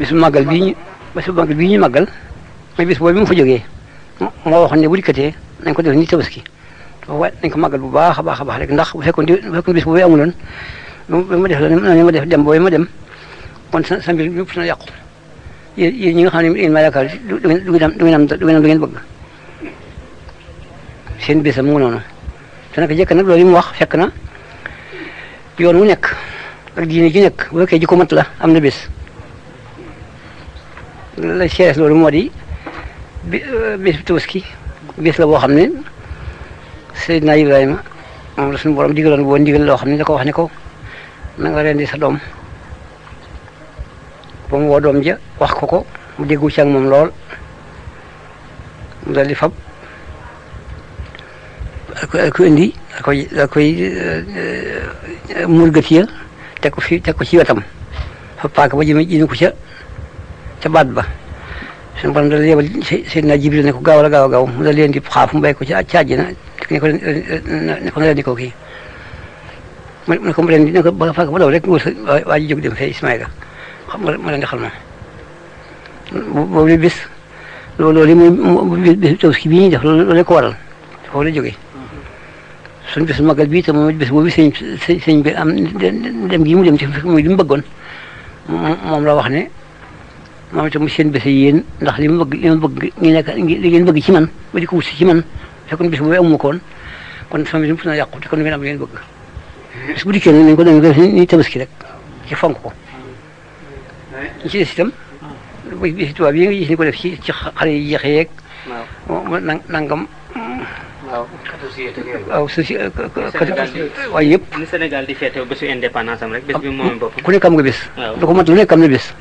bisu màggal bii ñu bisu màggal bii ñu màggal mooy bis boobu bi mu fa jógee moo waxoon ne bu dikkatee nañ ko def ni tabaski waaye nañ ko màggal bu baax a baax a baax rek ndax bu fekkoon di bu fekkoon bis boobu amuloon ba ma def la ne def dem boobu ma dem kon sa sa mbir ñi nga xam ne yéen maa yaakaar du du ngeen am du ngeen mu noonu te nag jëkk nag loolu yi mu wax fekk na yoon wu nekk ak diine ji nekk bu fekkee ji ko la am na bis la seeres loolu moo di bi euh, bis bi Tabaski bis boo xam ne Seydina Ibrahima moom la suñu borom digaloon boo ndigal loo xam ne da ko wax ne ko na nga rendi sa doom ba mu woo doom wax ko ko mu déggu ci ak moom lool mu dal di fab ak ko koy ak koy euh, euh, murgatiya teg ko fi teg ci wetam fa paaka ba jëme jëme ko ca baat ba suñu borom dala yebal Seydina ko gaaw la gaaw gaaw mu dal leen di xaaf mu bay ko ci àjjana ne ko na leen di ko kii mu ne ko mu leen di ko ba fàkk ba daw rek wër waa ji jóg dem fee Ismaïla xam nga ma leen boobu li bis loolu bis tabaski bi ñuy def loolu la ko waral foofu la jógee suñu bis magal bii tam moom bis boobu sëñ dem gi mu dem ci muy li mu bëggoon moom la wax ne moom itam seen bés yi yéen ndax li ma bëgg li ma bëgg ngi nekk li ngeen bëgg ci man ba di ko wut si ci man fekkoon bés boobu amu kon sama na yàqu te kon ngeen am ngeen su bu dikkee ko demee def ni tabaski rek ci fonk ko ñu ci des itam ci ci xale yi jeexe yeeg nang nangam waaw sosi waaye yëpp di feete bésu rek ku nekk am nga bés da ko mat nekk am na bés